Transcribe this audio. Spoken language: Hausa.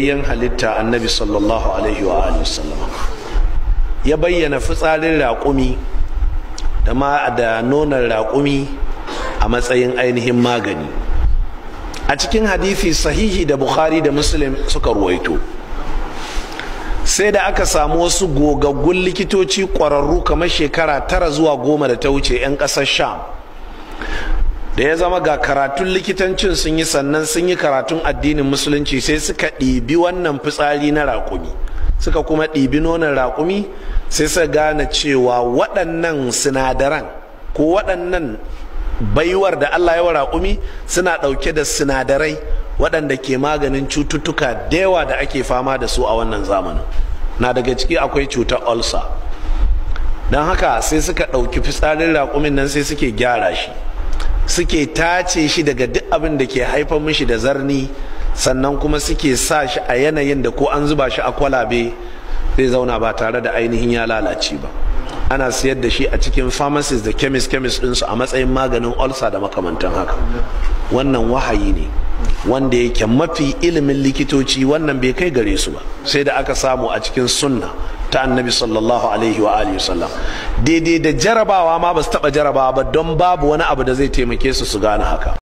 yan halitta annabi sallallahu alaihi wa alihi wasallam ya bayyana fitsarin raƙumi da ma da nonon raƙumi a matsayin ainihin magani a cikin hadisi sahihi da bukhari da muslim suka ruwaito sai da aka samu wasu gogaggun likitoci ƙwararru kamar shekara tara zuwa goma da ta wuce 'yan ƙasar sham da ya zama ga karatun likitancin sun yi sannan sun yi karatun addinin musulunci sai suka ɗibi wannan fitsari na raƙumi suka kuma ɗibi nonon raƙumi sai suka gane cewa waɗannan sinadaran ko waɗannan baiwar da Allah ya wa raƙumi suna ɗauke da sinadarai waɗanda ke maganin cututtuka da yawa da ake fama da su a wannan zamanin na daga ciki akwai cutar ulcer don haka sai suka ɗauki fitsarin raƙumin nan sai suke gyara shi suke tace shi daga duk abin da ke haifar mishi da zarni sannan kuma suke sa shi a yanayin da ko an zuba shi a kwalabe zai zauna ba tare da ainihin ya lalace ba ana siyar da shi a cikin pharmacies da chemist chemist ɗinsu a matsayin maganin ulcer da makamantan haka wannan wahayi ne wanda yake mafi ilimin likitoci wannan bai kai gare su ba sai da aka samu a cikin sunna ta annabi sallallahu alaihi wa alihi daidai da jarabawa ma ba su taba jarabawa ba don babu wani abu da zai taimake su su gane haka